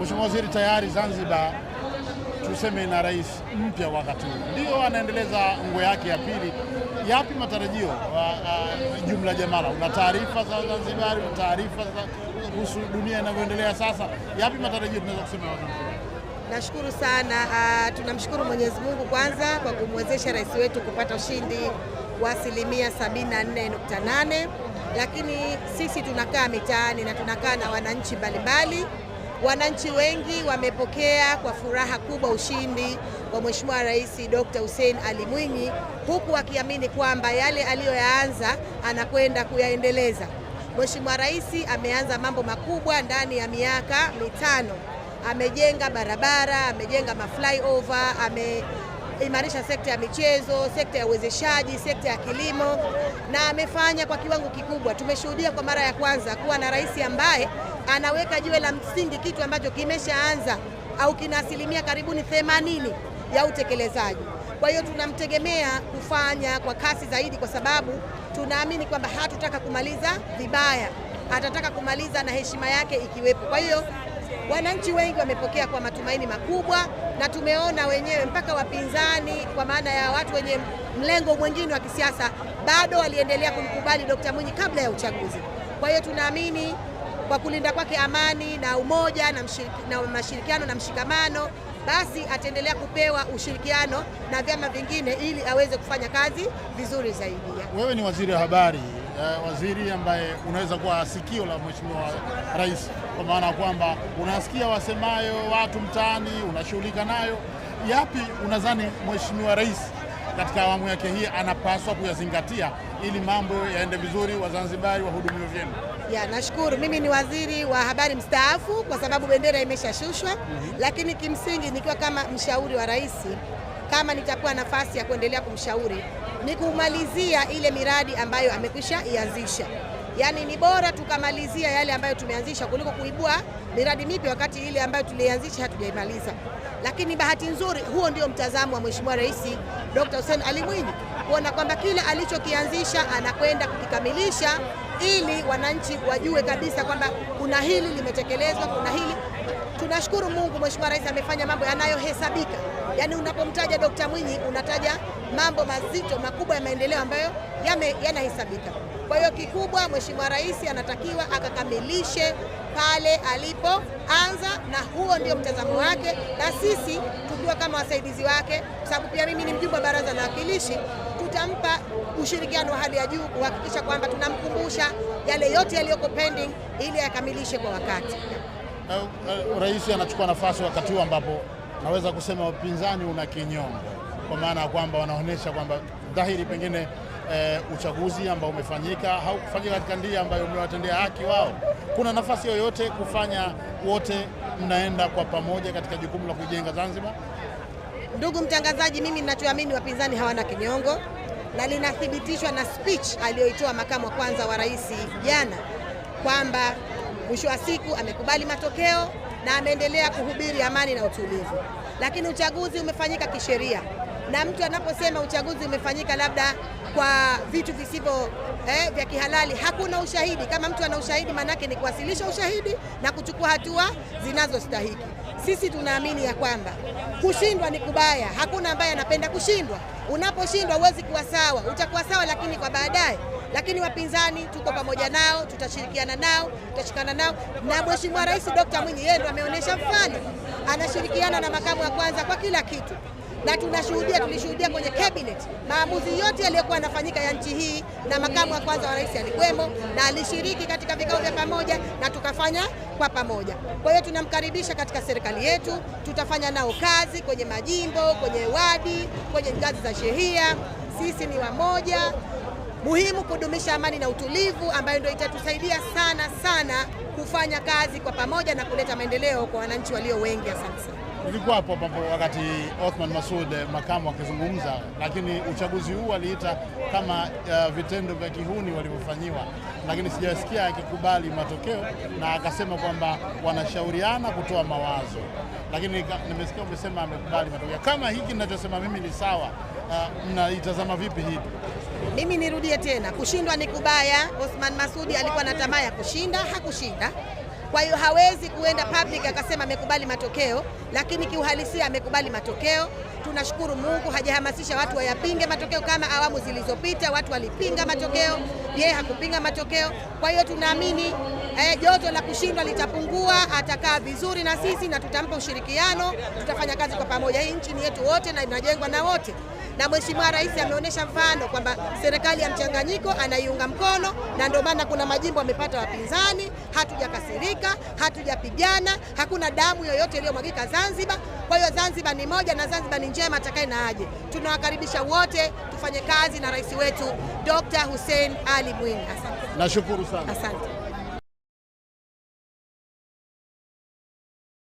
Mheshimiwa Waziri tayari Zanzibar tuseme na rais mpya wakati huu ndio anaendeleza nguo yake ya pili. Yapi matarajio uh, uh, jumla Jamala, una taarifa za Zanzibar, una taarifa za kuhusu dunia inavyoendelea sasa, yapi matarajio tunaweza kusema? Nashukuru sana uh, tunamshukuru Mwenyezi Mungu kwanza kwa kumwezesha rais wetu kupata ushindi wa asilimia 74.8, lakini sisi tunakaa mitaani na tunakaa na wananchi mbalimbali Wananchi wengi wamepokea kwa furaha kubwa ushindi wa Mheshimiwa Rais Dr. Hussein Ali Mwinyi, huku akiamini kwamba yale aliyoyaanza anakwenda kuyaendeleza. Mheshimiwa Rais ameanza mambo makubwa ndani ya miaka mitano. Amejenga barabara, amejenga maflyover, ameimarisha sekta ya michezo, sekta ya uwezeshaji, sekta ya kilimo na amefanya kwa kiwango kikubwa. Tumeshuhudia kwa mara ya kwanza kuwa na rais ambaye anaweka jiwe la msingi, kitu ambacho kimeshaanza au kina asilimia karibuni 80 ya utekelezaji. Kwa hiyo tunamtegemea kufanya kwa kasi zaidi, kwa sababu tunaamini kwamba hatutaka kumaliza vibaya, atataka kumaliza na heshima yake ikiwepo. Kwa hiyo wananchi wengi wamepokea kwa matumaini makubwa, na tumeona wenyewe mpaka wapinzani, kwa maana ya watu wenye mlengo mwingine wa kisiasa, bado waliendelea kumkubali Dkt. Mwinyi kabla ya uchaguzi. Kwa hiyo tunaamini kwa kulinda kwake amani na umoja na, mshiriki, na mashirikiano na mshikamano, basi ataendelea kupewa ushirikiano na vyama vingine ili aweze kufanya kazi vizuri zaidi. Wewe ni waziri wa habari eh, waziri ambaye unaweza kuwa sikio la mheshimiwa rais, kwa maana ya kwamba unasikia wasemayo watu mtaani, unashughulika nayo. Yapi unadhani mheshimiwa rais katika awamu yake hii anapaswa kuyazingatia ili mambo yaende vizuri, Wazanzibari wahudumiwe vyema. Ya, nashukuru. Mimi ni waziri wa habari mstaafu kwa sababu bendera imeshashushwa. mm -hmm. Lakini kimsingi nikiwa kama mshauri wa rais kama nitapewa nafasi ya kuendelea kumshauri ni kumalizia ile miradi ambayo amekwisha ianzisha. Yaani ni bora tukamalizia yale ambayo tumeanzisha kuliko kuibua miradi mipya wakati ile ambayo tulianzisha hatujaimaliza. Lakini bahati nzuri, huo ndio mtazamo wa Mheshimiwa Rais Dr. Hussein Ali Mwinyi kuona kwamba kila alichokianzisha anakwenda kukikamilisha ili wananchi wajue kabisa kwamba kuna hili limetekelezwa, kuna hili Tunashukuru Mungu, Mheshimiwa Rais amefanya mambo yanayohesabika. Yaani unapomtaja Dkt. Mwinyi unataja mambo mazito makubwa ya maendeleo ambayo yanahesabika. Kwa hiyo kikubwa, Mheshimiwa Rais anatakiwa akakamilishe pale alipoanza, na huo ndio mtazamo wake, na sisi tukiwa kama wasaidizi wake, kwa sababu pia mimi ni mjumbe wa Baraza la wakilishi tutampa ushirikiano wa hali ya juu kuhakikisha kwamba tunamkumbusha yale yote yaliyoko pending ili akamilishe kwa wakati. Eh, eh, rais anachukua nafasi wakati huu ambapo naweza kusema upinzani una kinyongo, kwa maana ya kwamba wanaonyesha kwamba dhahiri pengine e, uchaguzi ambao umefanyika haukufanyika katika ndia ambayo umewatendea haki wao. Kuna nafasi yoyote kufanya wote mnaenda kwa pamoja katika jukumu la kujenga Zanzibar? Ndugu mtangazaji, mimi ninachoamini wapinzani hawana kinyongo na linathibitishwa na speech aliyoitoa makamu wa kwanza wa rais jana kwamba Mwisho wa siku amekubali matokeo na ameendelea kuhubiri amani na utulivu. Lakini uchaguzi umefanyika kisheria, na mtu anaposema uchaguzi umefanyika labda kwa vitu visivyo eh, vya kihalali, hakuna ushahidi. Kama mtu ana ushahidi, maanake ni kuwasilisha ushahidi na kuchukua hatua zinazostahiki. Sisi tunaamini ya kwamba kushindwa ni kubaya, hakuna ambaye anapenda kushindwa. Unaposhindwa huwezi kuwa sawa, utakuwa sawa lakini kwa baadaye lakini wapinzani tuko pamoja nao, tutashirikiana nao, tutashikana nao. Na Mheshimiwa Rais Dr. Mwinyi yeye ndo ameonyesha mfano, anashirikiana na makamu wa kwanza kwa kila kitu na tunashuhudia tulishuhudia kwenye cabinet maamuzi yote yaliyokuwa yanafanyika ya nchi hii, na makamu wa kwanza wa rais alikwemo na alishiriki katika vikao vya pamoja na tukafanya kwa pamoja. Kwa hiyo tunamkaribisha katika serikali yetu, tutafanya nao kazi kwenye majimbo, kwenye wadi, kwenye ngazi za shehia. Sisi ni wamoja, muhimu kudumisha amani na utulivu, ambayo ndio itatusaidia sana sana kufanya kazi kwa pamoja na kuleta maendeleo kwa wananchi walio wengi. Asante sana. Nilikuwa hapo hapo wakati Othman Masoud eh, makamu akizungumza, lakini uchaguzi huu aliita kama uh, vitendo vya kihuni walivyofanyiwa, lakini sijasikia akikubali matokeo, na akasema kwamba wanashauriana kutoa mawazo, lakini nimesikia umesema amekubali matokeo. Kama hiki ninachosema mimi ni sawa, eh, mnaitazama vipi hivi mimi nirudie tena, kushindwa ni kubaya. Osman Masudi alikuwa na tamaa ya kushinda, hakushinda. Kwa hiyo hawezi kuenda public akasema amekubali matokeo, lakini kiuhalisia amekubali matokeo. Tunashukuru Mungu hajahamasisha watu wayapinge matokeo kama awamu zilizopita watu walipinga matokeo, yeye hakupinga matokeo. Kwa hiyo tunaamini e, joto la kushindwa litapungua, atakaa vizuri na sisi na tutampa ushirikiano, tutafanya kazi kwa pamoja. Hii nchi ni yetu wote na inajengwa na wote, na Mheshimiwa Rais ameonyesha mfano kwamba serikali ya mchanganyiko anaiunga mkono, na ndio maana kuna majimbo amepata wapinzani. Hatujakasirika, hatujapigana, hakuna damu yoyote iliyomwagika Zanzibar. Kwa hiyo Zanzibar ni moja na Zanzibar ni njema, atakaye na aje. Tunawakaribisha wote tufanye kazi na rais wetu Dr. Hussein Ali Mwinyi. Asante. Nashukuru sana. Asante.